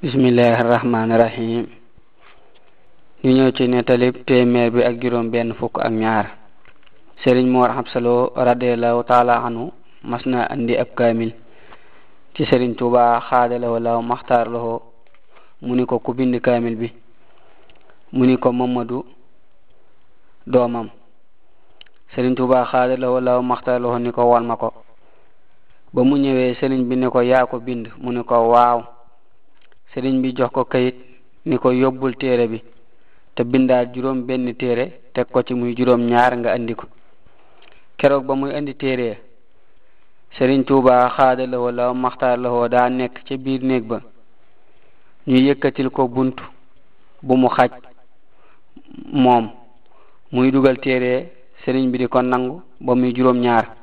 bismillahi rahmaani rahim ñu ñëw ci nettalib téeméer bi ak juróom benn fukk ak ñaar sëriñ Mor Absa Lo radiallahu taala anhu mas na andi ab kaamil ci sëriñ Tuuba xaadalawo law maxtaar loxo mu ni ko ku bind kaamil bi mu ni ko Mamadu doomam sëriñ Tuuba xaadalawo law maxtaar loxo ni ko won ko ba mu ñëwee sëriñ bi ne ko yaa ko bind mu ni ko waaw sëriñ bi jox ko kayit ni ko yóbbul téere bi te bindaat juróom benn téere teg ko ci muy juróom ñaar nga andi ko keroog ba muy indi téere sëriñ Tuuba xaada la woo maxtaar la woo daa nekk ci biir néeg ba ñu yëkkatil ko bunt bu mu xaj moom muy dugal téere sëriñ bi di ko nangu ba muy juróom ñaar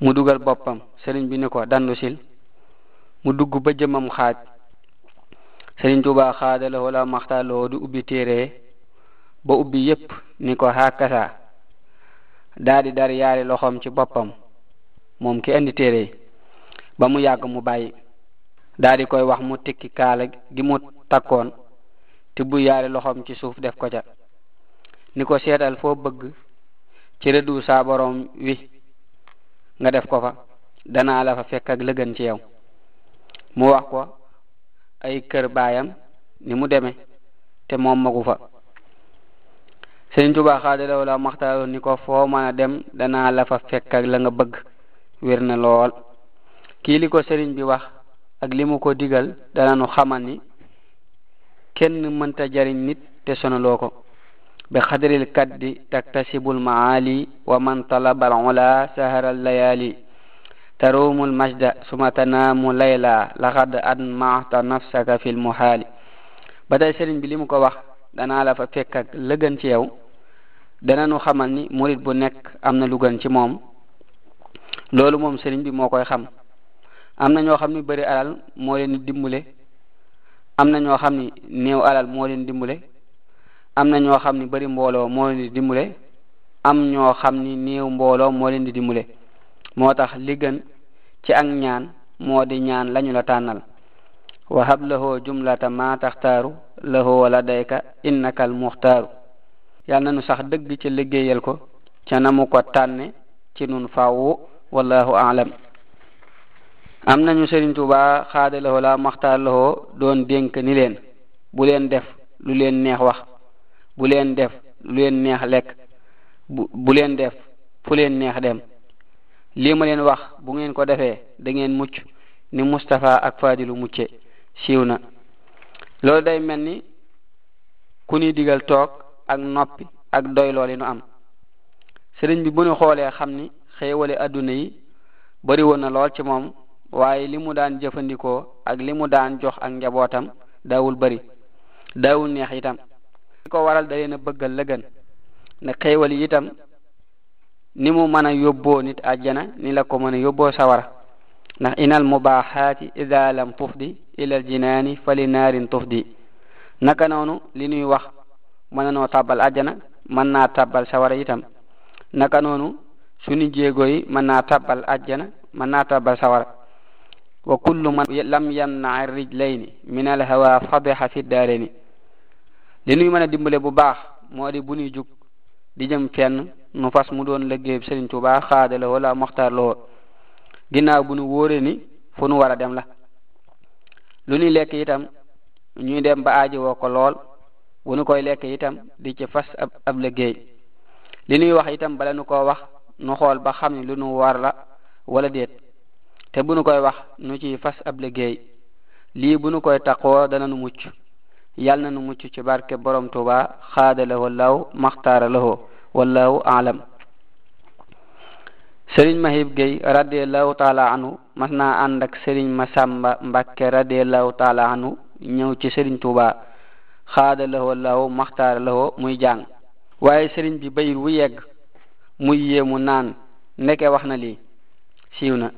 mu dugal boppam sëriñ bi ni ko dandu mu dugg ba jëmam xaaj Sëriñ Tuubaa xaada la wala maxta la di ubbi téere ba ubbi yépp ni ko hakasa daa di dar yaari loxoom ci boppam moom ki indi téere ba mu yàgg mu bàyyi daa koy wax mu tikki kaala gi mu takkoon te bu yaari loxoom ci suuf def ko ca ni ko seetal foo bëgg ci rëddu saa wi nga def ko fa dana la fa fekk ak lëgën ci yow mu wax ko ay kër baayam ni mu deme te moom magu fa sëriñ Tuubaa xaadalawo la maxtaaroo ni ko foo dem danaa lafa fa fekk ak la bëgg wér na lool kii li ko sëriñ bi wax ak li mu ko digal dana nu xamal ni kenn mënta jariñ nit te sonaloo ko bi xadril kaddi taktasibul maali wa man talabal ula saharal layaali taruumu almajda suma tanaamu layla laxad admaata nafsaka fi lmuhaali ba tey sëriñ bi li mu ko wax danaa la fa fekk ak lëgën ci yow danañu xamal ni murit bu nekk am na lu gën ci moom loolu moom sëriñ bi moo koy xam am na ñoo xam ni bëri alal moo leen dimbule am na ñoo xam ni néew alal moo leen dimbule am na ñoo xam ni bëri mbooloo moo leen di dimbule am ñoo xam ni néew mbooloo moo leen di dimbule moo tax li ci ak ñaan moo di ñaan lañu la tànnal wa hab lahoo jumlata ma taxtaaru lahoo wala dayka innaka al muxtaaru na nu sax dëgg ci liggéeyal ko ca na mu ko tànne ci nun faawu wallahu aalam am nañu Sëriñ Tuubaa xaada lahoo la maxtaar lahoo doon dénk ni leen bu leen def lu leen neex wax bu leen def lu leen neex lekk bu leen def fu leen neex dem lii ma leen wax bu ngeen ko defee da ngeen mucc ni Mustapha ak Fadilu mucce siiw na loolu day mel ni ku ñuy digal toog ak noppi ak doy looli nu am sëriñ bi bu ñu xoolee xam ni xéewale adduna yi bari woon na lool ci moom waaye li mu daan jëfandikoo ak li mu daan jox ak njabootam daawul bari daawul neex itam li ko waral da a bëggal la gën xéewal yi itam ni mu mën a yóbboo nit àjjana ni la ko mën a yóbboo sawara inal mubahaati ida lam tufdi ilal jinaani fali naarin tufdi naka noonu li ñuy wax mën na noo tàbbal àjjana mën naa tàbbal sawara itam naka noonu suñu jéego yi mën naa tàbbal àjjana mën naa tàbbal sawara wa kullu man lam yamna rijlayni min al hawa fadiha fi daareni li ñuy mën a dimbale bu baax moo di bu ñuy jug nu fas mu doon liggéey bi Sëriñ Tuubaa xaadala wala moxtaar loo bu nu wóoree ni fu nu war dem la lu ñuy lekk itam ñuy dem ba aaji woo ko lool bu nu koy lekk itam di ci fas ab ab liggéey li ñuy wax itam bala nu ko wax nu xool ba xam ne lu nu war la wala déet te bu nu koy wax nu ci fas ab liggéey lii bu nu koy taqoo dana nu mucc yàlla na nu mucc ci barke borom Tuubaa xaadala walaw maxtaara lahoo wallahu alam sëriñ Mahib Gueye radiallahu taala anhu mas naa ànd ak sëriñ Masamba Mbàkke radiallahu taala anhu ñëw ci sëriñ Tuuba xaada lahoo lahoo maxtaara lahoo muy jàng waaye sëriñ bi bayit wu yegg muy yéemu naan ndeke wax na lii siiw na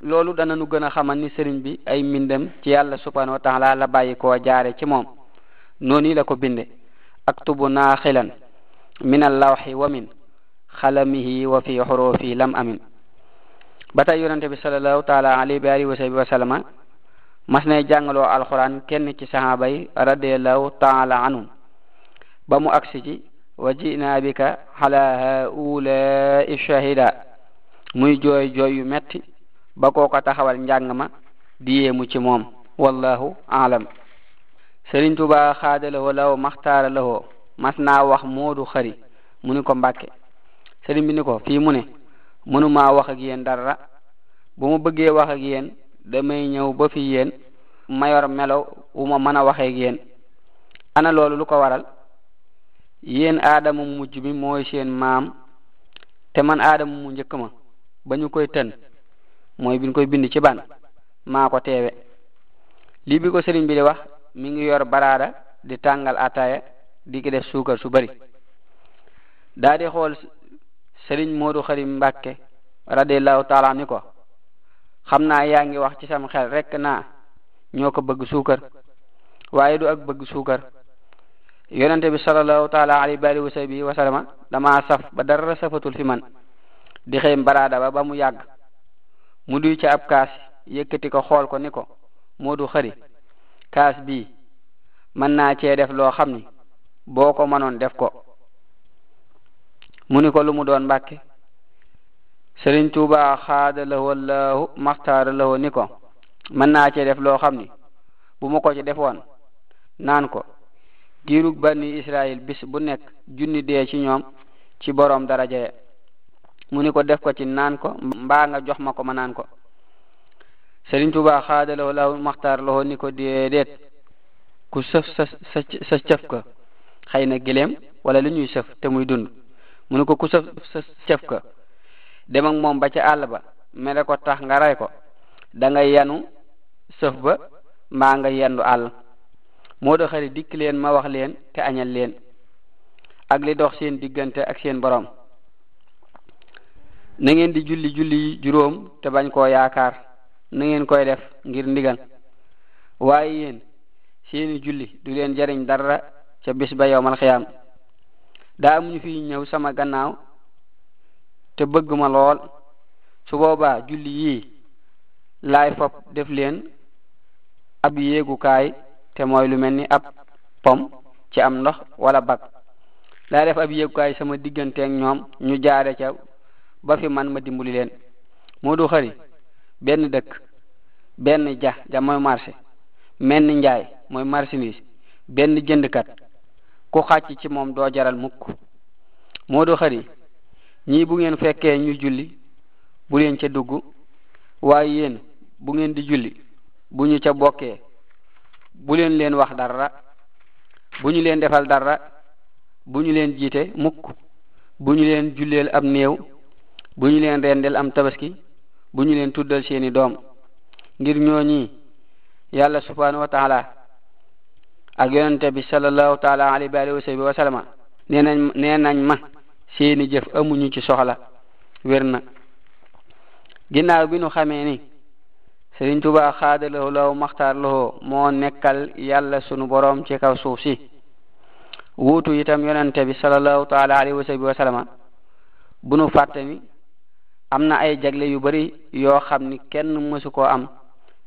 loolu dana nu gën a xamal ni sëriñ bi ay mbindam ci yàlla subhanahu wa taala la bàyyi koo jaare ci moom noonu la ko binde ak tubu naa xilan من اللوح ومن خلمه وفي حروفه لم أمن بتا يونت بي صلى الله تعالى عليه باري وسلم وسلم ما سني جانلو القران كين سي صحابه رضي الله تعالى عنهم بامو اكسي وجئنا بك على هؤلاء الشهداء muy joy joy yu metti ba koko taxawal njang ma diye mu ci mom wallahu aalam serigne touba khadalahu law makhtaralahu mas naa wax moodu xari mu ni ko mbàkke sëriñ bi ni ko fii mu ne mënuma wax ak yéen dara bu ma bëggee wax ak yéen damay ñëw ba fi yéen mayor melo wu ma mën a waxee ak yéen ana loolu lu ko waral yéen aadama mujj bi mooy seen maam te man aadama mu njëkk ma ba ñu koy tën mooy biñ koy bind ci ban maa ko teewe lii bi ko sëriñ bi di wax mi ngi yor baraada di tàngal ataaya di ki def suukar su bari daa di xool sëriñ Moodu Xarim Mbàkke radiallahu taala ni ko xam naa yaa ngi wax ci sam xel rek naa ñoo ko bëgg suukar waaye du ak bëgg suukar yonente bi salallahu taala alayhi wa alihi wa ba dara safatul fi man di xëy mbaraada ba ba mu yàgg mu duy ci ab kaas yëkkati ko xool ko ni ko Moodu Xari kaas bi mën naa cee def loo xam ni boo ko manoon def ko mu ni ko lu mu doon mbàkke sëriñ tuuba xaada lawo laahu maxtaara lawo ni ko mën naa cee def loo xam ni bu ma ko ci defoon naan ko diirug banni israil bis bu nekk junni dee ci ñoom ci boroom daraja ya mu ni ko def ko ci naan ko mbaa nga jox ma ko ma naan ko sëriñ tuuba xaada lawo laahu maxtaara ko déedéet ku sëf sa sa sa cëf ka xëy na giléem wala li ñuy sëf te muy dund mu ne ko ku sëf ka dem ak moom ba ca àll ba mele ko tax nga rey ko da nga yanu sëf ba maa nga yendu àll moo do xari dikk leen ma wax leen te añal leen ak li dox seen diggante ak seen boroom na ngeen di julli julli juróom te bañ koo yaakaar na ngeen koy def ngir ndigal waaye seeni julli du leen jariñ dara ca bis ba yowmal xiyaam daa ñu fi ñëw sama gannaaw te bëgg ma lool su boobaa julli yii laay fop def leen ab yéegukaay te mooy lu mel ni ab pom ci am ndox wala bag laay def ab yéegukaay sama digganteeg ñoom ñu jaare ca ba fi man ma dimbali leen moo du xëri benn dëkk benn ja ja mooy marché menn njaay mooy marchandise benn jëndkat ku xàcc ci moom doo jaral mukk moo du ñii bu ngeen fekkee ñu julli bu leen ca dugg waaye yéen bu ngeen di julli bu ñu ca bokkee bu leen leen wax dara bu ñu leen defal dara bu ñu leen jiite mukk bu ñu leen julleel am néew bu ñu leen rendeel am tabaski bu ñu leen tuddal seeni doom ngir ñooñi yàlla subhanahu wa ak yonente bi sallallahu taala alayhi wa alihi wa sahbihi wa ma seeni jëf amuñu ci soxla wér na ginnaaw bi nu xamee ni Sëriñ Tuubaa xaadalawu law maxtaar lowoo moo nekkal yàlla sunu boroom ci kaw suuf si wuutu itam yonente bi sallallahu taala alayhi wa sahbihi bu nu fàtte ni am na ay jagle yu bari yoo xam ni kenn mësu koo am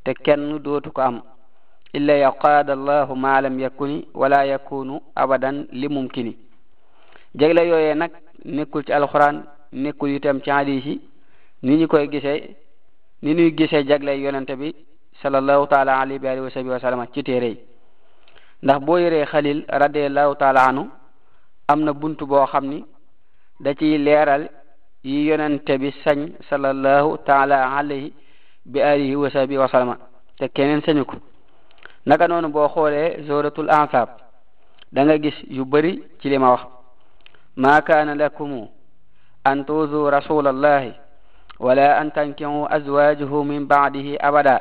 te kenn dootu ko am illa yaqaada allahu ma lam yakuni wala yakunu abadan li mumkini jegle yooyee nag nekkul ci alxuraan nekkul itam ci yi ni ñu koy gisee ni ñuy gisee jagley yonente bi sallallahu taala alayhi ci téere yi ndax boo yoree taala anhu am na bunt boo xam ni da ci leeral yi yonente bi sañ sallallahu taala alayhi bi alihi wa sahbihi te keneen sañu naka noonu boo xoolee zoratul ansab da nga gis yu bari ci li ma wax ma kaana lakumu an tuzu rasulallahi wala an tankihu azwajahu min ba'dihi abada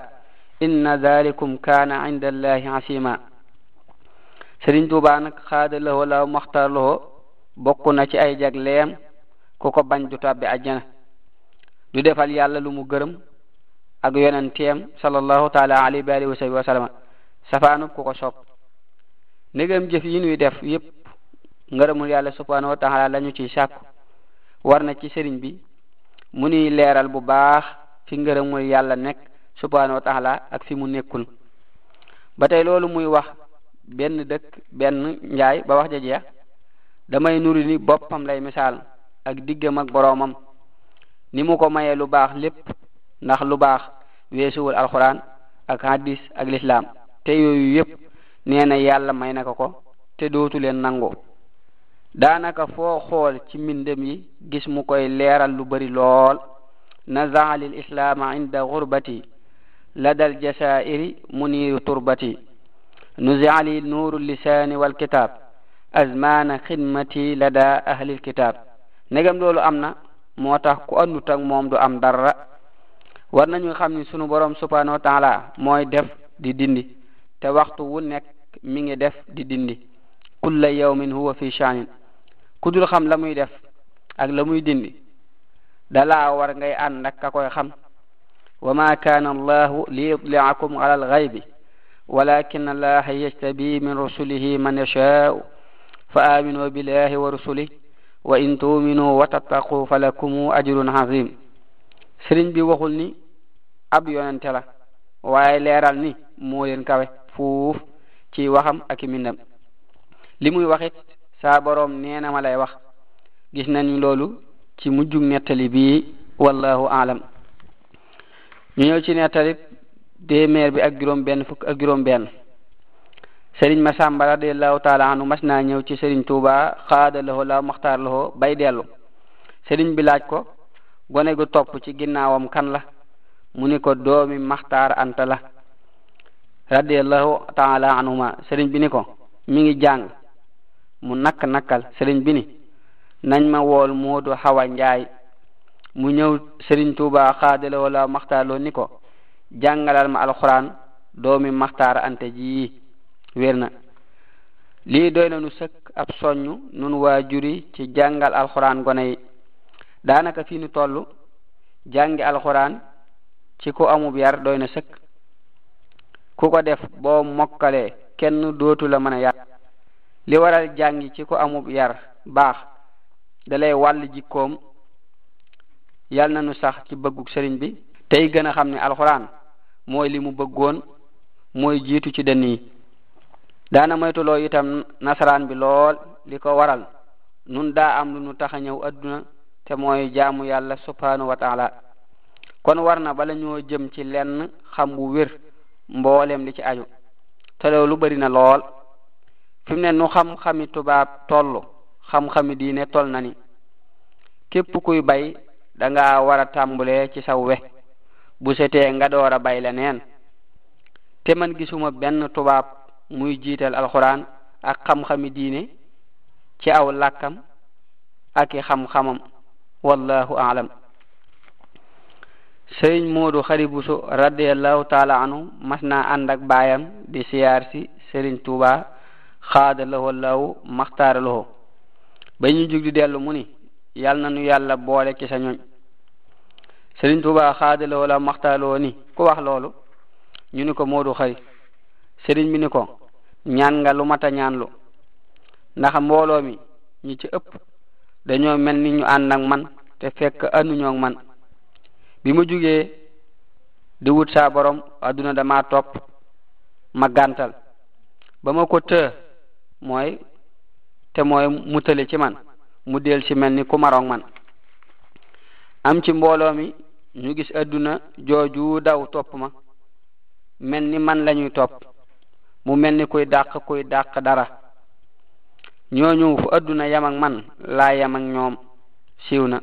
inna dhalikum kana 'inda allahi 'asima sëriñ tuba nak khadalahu law laaw maxtaar na ci ay jagleem ku ko bañ du tàbbi aljana du defal yàlla lu mu geureum ak yonenteem sallallahu taala alayhi wa sallam safaanub ku ko sopp ndegam jëf yi nuy def yépp ngërëmul yàlla subhanahu lañu ciy sàkku war na ci sëriñ bi mu nuy leeral bu baax fi ngërëmul yàlla nekk subhanahu wa taala ak fi mu nekkul ba tey loolu muy wax benn dëkk benn njaay ba wax ja jeex damay nuru ni boppam lay misaal ak diggam ak boroomam ni mu ko mayee lu baax lépp ndax lu baax weesuwul alxuraan ak hadis ak lislaam te yooyu yépp nee na yàlla may na ko ko te dootu leen nangu daanaka foo xool ci mbindam yi gis mu koy leeral lu bari lool na lil islaama inda gurbati ladal jasairi muniiru turbati nu li nuuru lisaani wal kitaab azmaana xidmati lada ahlil kitaab negam loolu am moo tax ku àndut ak moom du am dara war nañu xam ni sunu borom subhanahu wa taala mooy def di dindi te waxtu wu nekk mi ngi def di dindi kulla yawmin huwa fi sha'nin ku dul xam la muy def ak la muy dindi dala war ngay ànd ak ka koy xam wa ma kana allah li yutli'akum ala al-ghaybi ولكن الله يجتبي من رسله من يشاء فآمنوا بالله ورسله وإن تؤمنوا وتتقوا فلكم أجر عظيم سرين بي وخول ني اب يوننت لا واي ليرال ني مو لين كاوي fuuf ci waxam ak mindam li muy waxit saa boroom nee ma lay wax gis nañu loolu ci mujjug nettali bi wallahu alam ñu ñëw ci nettali téeméer bi ak juróom benn fukk ak juróom benn sëriñ Masamba radiallahu taala anhu mas naa ñëw ci sëriñ Tuuba xaada laho la maxtaar laho bay dellu sëriñ bi laaj ko gone gu topp ci ginnaawam kan la mu ni ko doomi maxtaar anta la radiyallahu taala anuma serigne bi ni ko mi ngi jang mu nak nakal serigne bi ni nañ ma wol Modou Hawa njaay mu ñew serigne touba khadil wala lo ni ko jangalal ma alxuraan doomi maxtaar ante ji werna li doyna nu sekk ab soñu nun wajuri ci jangal alquran gone yi daanaka fii nu toll alquran ci ko amu yar doyna sekk ku ko def boo mokkalee kenn dootul la mën a yar li waral jàngi ci ko amub yar baax dalay wàll jikkoom yal na nu sax ci bëggu sëriñ bi tey gën a xam ne alxuraan mooy li mu bëggoon mooy jiitu ci dënn yi daana moytuloo itam nasaraan bi lool li ko waral nun daa am nu tax a ñëw adduna te mooy jaamu yàlla subhanahu wa taala kon war bala ñoo jëm ci lenn xam wu wér mboolem li ci aju te loolu bari na lool fi ne nu xam-xami tubaab toll xam-xami diine tol na ni képp kuy bay danga nga war a tàmbulee ci saw we bu setee nga door a bay la neen te man gisuma benn tubaab muy jiital alxuraan ak xam-xami diine ci aw làkkam ak i xam-xamam wallahu aalam sëriñ Moodu Xari Buso radiallahu taala anhu mas na ànd ak baayam di siyaar si sëriñ Tuuba xaada lahu allahu maxtaara lahu ba ñu jug di dellu mu ni yal na nu yàlla boole ci sa ñoñ sëriñ Tuuba xaada lahu allahu maxtaara lahu ni ku wax loolu ñu ni ko Moodu Xari sëriñ mi ni ko ñaan nga lu mata ñaan lu ndax mbooloo mi ci ëpp dañoo mel ni ñu ànd man te fekk ànduñoo ak man bi ma jugee di wut saa borom adduna dama topp ma gàntal ba ma ko të mooy te mooy mu tële ci man mu del ci mel ni ku marong man am ci mbooloo mi ñu gis adduna jooju daw topp ma mel ni man lañuy topp mu mel ni kuy dàq kuy dàq dara ñooñu fu adduna yam man laa yam ak ñoom siiw na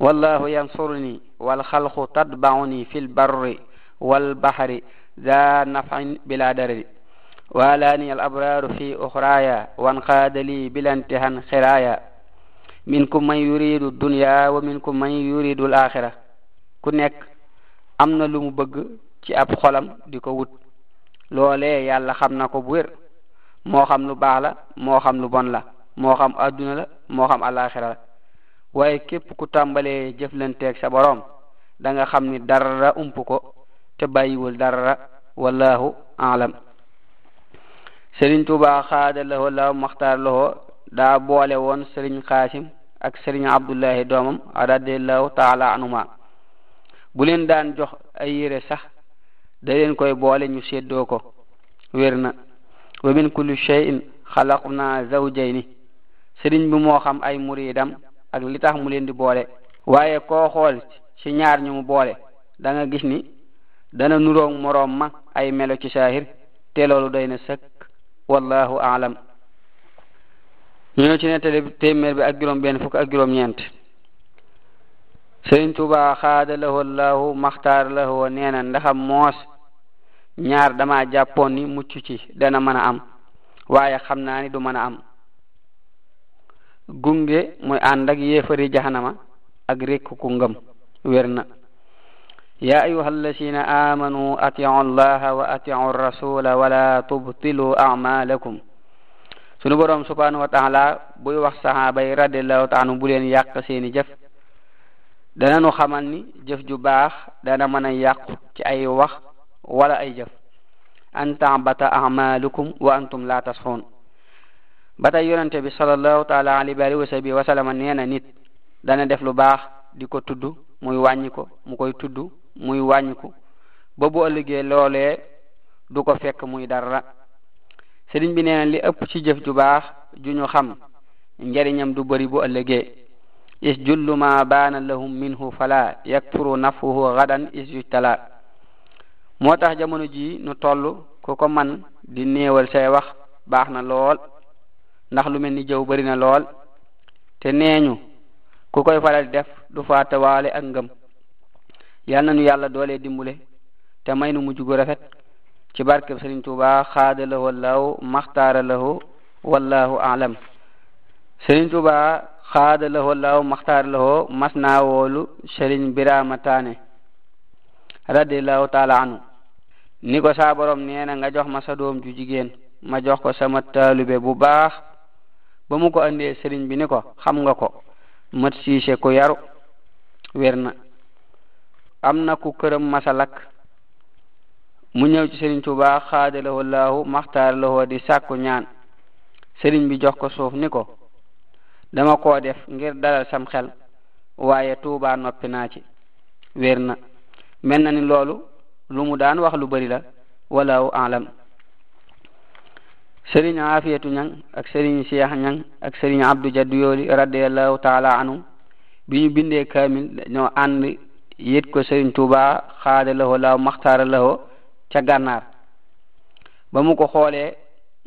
والله ينصرني والخلق تتبعني في البر والبحر ذا نفع بلا درر والاني الابرار في اخرايا وانقاد لي بلا انتهى خرايا منكم من يريد الدنيا ومنكم من يريد الاخره كنك امنا am na lu mu bëgg ci ab xolam di ko wut loolee yàlla xam na ko bu wér moo xam lu baax la moo xam lu bon la moo waaye képp ku tàmbalee jëflanteeg sa borom da nga xam ni dara ump ko te bàyyiwul dara wallahu alam sëriñ tuba xaada lahoo laaw maxtaar lahoo daa boole woon sëriñ xaasim ak sëriñ abdullahi doomam radiallahu taala anuma bu leen daan jox ay yére sax da leen koy boole ñu seddoo ko wér na wa min kulli shay'in xalaqna zawjayni sëriñ bi moo xam ay muridam ak li mu leen di boole waaye koo xool ci ñaar ñu mu boole danga gis ni dana nuroom moroom ma ay melo ci saahir te loolu day na sëkk wallahu aalam ñoo ci nettali téeméer bi ak juróom benn fukk ak juróom ñeent sëriñ Tuubaa xaada lahu allahu maxtaar lahu nee na ndaxam moos ñaar dama jàppoon ni mucc ci dana mën a am waaye xam naa ni du mën a am gunge mooy ànd ak yéefari jahanama ak rékk ku ngëm wér na ya ayuha alladina amanu atiu allaha wa atiu rasula wala tubtilu amalakum sunu boroom subhanahu wa taala buy wax sahaba yi radiallahu taala bu leen yàq seeni jëf dana nu xamal ni jëf ju baax dana mën a yàqu ci ay wax wala ay jëf an taabata amalukum wa antum la tasxuun ba tey yonente bi salallahu taala alayhi wa alihi wa sahbihi nee na nit dana def lu baax di ko tudd muy wàññi ko mu koy tudd muy wàññiku ba bu ëllëgee loolee du ko fekk muy dara sëriñ bi nee li ëpp ci jëf ju baax ju ñu xam njariñam du bari bu ëllëgee is jullu ma baana lahum minhu fala yakfuru nafuhu gadan is yujtala moo tax jamono ji nu toll ku ko man di néewal say wax baax na lool ndax lu mel ni jaw bari na lool te nee ñu ku koy faral def du faatawaale ak ngëm yal na nu yàlla doole dimbule te may nu mujj gu rafet ci barkeb Sëriñ Tuuba xaada lahu allahu maxtaara lahu wallahu alam mas naa woolu Sëriñ Birama Taane radiallahu taala anhu ni ko saa borom nga jox ma sa doom ju jigéen ma jox ko sama taalube bu baax ba mu ko andee sëriñ bi ni ko xam nga ko mat siise ko yaru wér na am na ku këram masalak mu ñëw ci sëriñ Tuubaa xaadalawoo laahu maxtaar lawoo di sàkku ñaan sëriñ bi jox ko suuf ni ko dama ko def ngir dalal sam xel waaye Tuubaa noppi naa ci wér na mel na ni loolu lu mu daan wax lu bari la walaahu alam sëriñ afiyatu ñang ak sëriñ cheikh ñang ak sëriñ abdou jaddu yooli taala anhu bi ñu bindee kaamil ñoo ànd yét ko sëriñ tuuba xaada lawo laaw maxtaara lawo gànnaar ba mu ko xoolee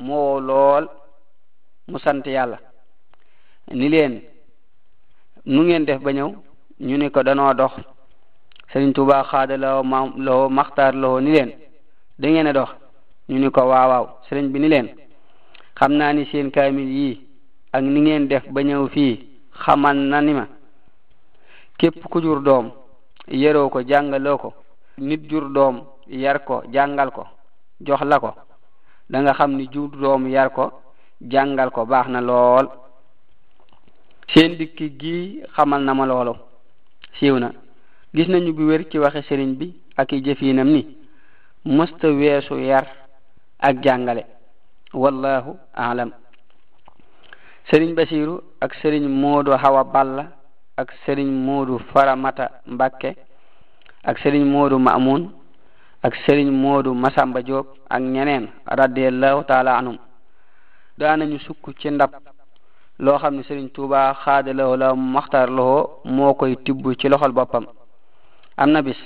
moo lool mu sant yàlla ni leen nu ngeen def ba ñëw ñu ni ko danoo dox sëriñ tuuba xaada lawo ma lawo maxtaar a dox ñu ni ko waawaaw sëriñ bi ni leen xam naa ni seen kaamil yi ak ni ngeen def ba ñëw fii xamal na ni ma képp ku jur doom yeroo ko jàngaloo ko nit jur doom yar ko jàngal ko jox la ko da xam ni jur doom yar ko jàngal ko baax na lool seen dikki gi xamal na ma loolu siiw na gis nañu bu wér ci waxe sëriñ bi ak i jëfinam ni mësta weesu yar ak jàngale wallahu alam sëriñ basiru ak sëriñ moodu hawa balla ak sëriñ moodu faramata mbakke ak sëriñ moodu mamun ak sëriñ moodu masamba joob ak ñeneen radiallahu taala anhum daanañu sukk ci ndab loo xam ne sëriñ tuuba xaadalawoo la maxtaar lowoo moo koy tibb ci loxol boppam am na bis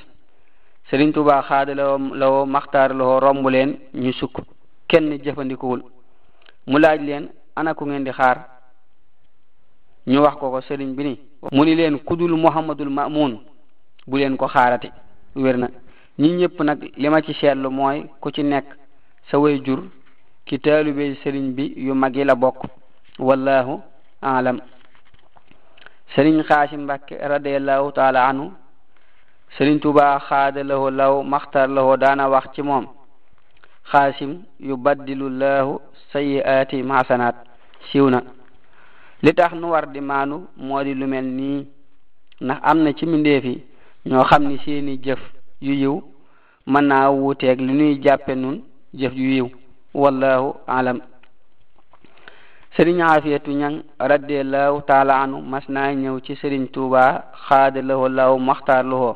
tuuba xaadalawoo lawoo maxtaar lowoo romb ñu sukk kenn jëfandikuwul mu laaj leen ana ku ngeen di xaar ñu wax ko ko sëriñ bi ni mu ni leen kudul muhammadul mamun bu leen ko xaarati wér na ñi ñëpp nag li ma ci seetlu mooy ku ci nekk sa way jur ci taalube sëriñ bi yu mag yi la bokk wallahu alam sëriñ xaasim mbàkke radiallahu taala anhu sëriñ tuba xaada law maxtar lahoo daana wax ci moom xaasim yubaddilu llahu sayiaatihim xasanaat siiw na li tax nu war di maanu moo lu mel nii ndax am na ci mbindeef yi ñoo xam ni seeni jëf yu yiw mën naa wuuteeg li ñuy jàppe nun jëf yu yiw wallahu alam sëriñ xaafiyatu ñang radiallahu taala anu mas naa ñëw ci sëriñ tuuba xaada lahoo law maxtaar lahoo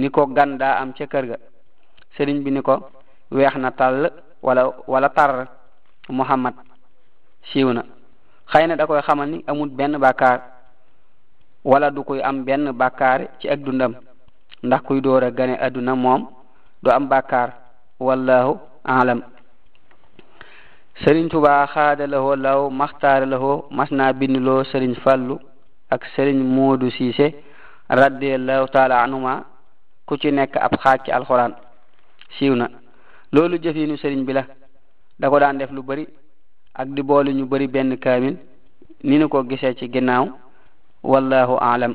ni ko gan daa am ca kër ga sëriñ bi ni ko weex na tàll wala wala tar muhammad siiw na xëy na da koy ni amul benn bàkkaar wala du koy am benn bàkkaar ci ak dundam ndax kuy door a gane adduna moom du am bàkkaar wallahu alam sëriñ tubaa xaadalawoo law maxtaaralawoo mas naa bindiloo sëriñ fàllu ak sëriñ moodu siise radiallahu taala anhuma ku ci nekk ab xaaj ci alxuraan siiw loolu jëfinu sëriñ bila la daan def lu bari ak di boole ñu bari benn kaamil ni nu ko gisee ci ginnaaw wallahu aalam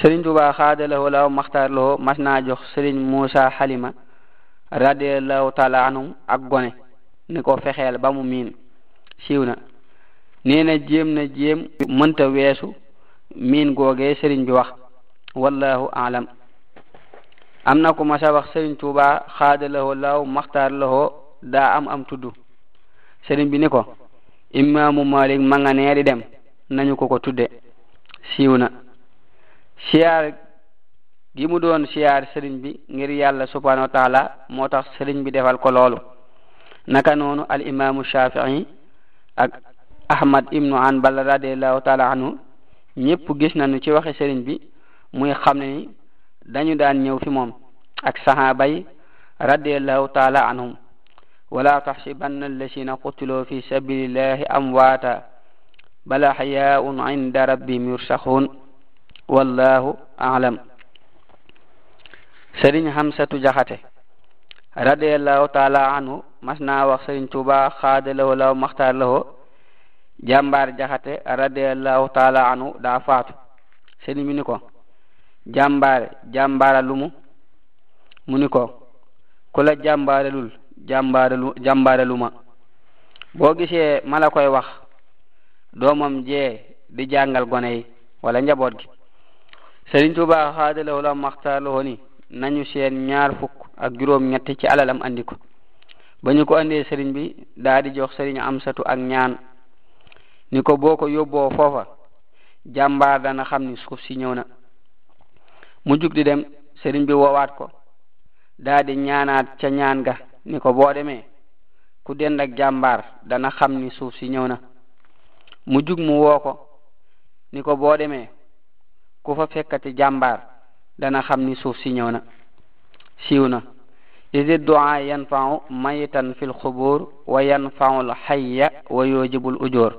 sëriñ Tuubaa xaadalawoo laaw maxtaar lawoo mas naa jox sëriñ Muusa Xalima radiallahu taala anhum ak gone ni ko fexeel ba mu miin siiw na nee na jéem na jéem mënta weesu miin googee sëriñ bi wax wallahu aalam am na ku masa wax sëriñ tuuba xaada lahoo laaw maxtaar lahoo daa am am tudd sëriñ bi ni ko imaamu malik ma nga nee dem nañu ko ko tudde siiw na siyaar gi mu doon siyaar sëriñ bi ngir yàlla subhanahu wa moo tax sëriñ bi defal ko loolu naka noonu al imaamu shafii ak ahmad ibnu hanbal radiallahu taala anhu ñépp gis nañu ci waxe sëriñ bi muy xam ni dañu daan ñëw fi moom ak sahaba yi radiallahu taala anhum ولا تحسبن الذين قتلوا في سبيل الله أمواتا بل أحياء عند ربهم يرسخون والله أعلم سرين حمسة جحته رضي الله تعالى عنه مسنا وخسرين توبا خاد له لو مختار له جامبار جحته رضي الله تعالى عنه دافات سرين منكم jambare jambara lumu muni ko jambare lul jambare lu jambare luma gisee gise mala koy wax domam je di jangal gone yi wala njabot gi serigne touba khadalahu la maktalu honi nañu seen ñaar fukk ak juroom ñett ci alalam andi ko ba ko andé serigne bi daadi jox serigne Amsatu ak ñaan ni ko yobbo ko jambar dana xam ni suuf si ñewna mu jug di dem sëriñ bi woowaat ko daa ñaanaat ca ñaan ga ni ko boo demee ku dend ak jàmbaar dana xam ni suuf si ñëw na mu jug mu woo ko ni ko boo demee ku fa fekkati jàmbaar dana xam ni suuf si ñëw na siiw na idi du'a yanfa'u fil xubur wa yanfa'u l xayya wa yujibul ujoor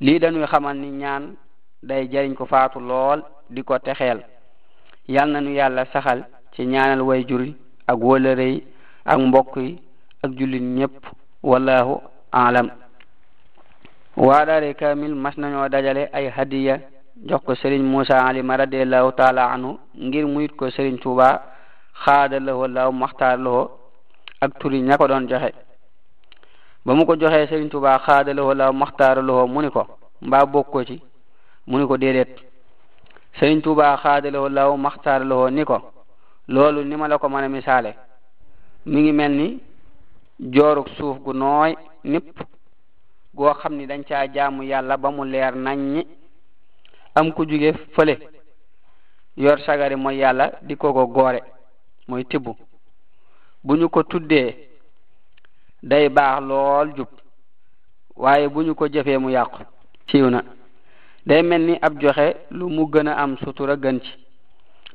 lii dañuy xamal ni ñaan day jariñ ko faatu lool di ko texeel yal na nu yàlla saxal ci ñaanal way jur ak wóllëre ak mbokk yi ak jullit ñépp wallahu alam waa kamil mas nañoo dajale ay hadiya jox ko Serigne Moussa Alima radiallahu taala anhu ngir muyit ko Serigne Touba xaada lahoo laaw maxtaar doon joxe ba mu ko joxee Serigne Touba xaada mu ni ko mbaa mu ni ko déedéet sëriñ Tuubaa xaadalewoo law maxtaaralewoo ni ko loolu ni ma la ko mën a misaale mu ngi mel ni joorug suuf gu nooy nipp goo xam ni dañ caa jaamu yàlla ba mu leer naññi am ku jóge fële yor sagari mooy yàlla di ko ko goore mooy tibb bu ñu ko tuddee day baax lool jub waaye bu ñu ko jëfee mu yàqu siiw na day mel ni ab joxe lu mu gën a am sutura gën ci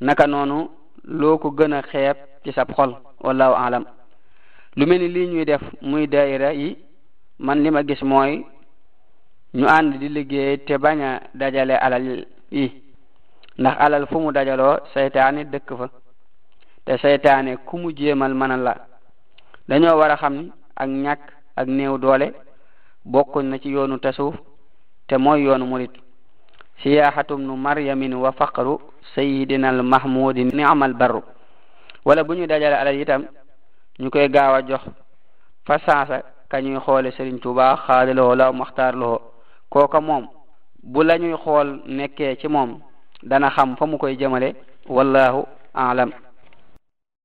naka noonu loo ko gën a xeeb ci sab xol wallahu alam lu mel ni lii ñuy def muy daayira yi man li ma gis mooy ñu ànd di liggéey te bañ a dajale alal yi ndax alal fu mu dajaloo seytaane dëkk fa te seytaane ku mu jéemal mana la dañoo war a xam ni ak ñàkk ak néew doole bokkuñ na ci yoonu tasawuf te mooy yoonu murit siyaahatu bnu maryamin wa faqru sayidina al mahmudi Amal barru wala bu ñu dajale alal itam ñu koy gaaw a jox fa saasa ka ñuy xoole sëriñ tuba xaadaloo la maxtaar loo kooka moom bu la ñuy xool nekkee ci moom dana xam fa mu koy jëmale wallahu aalam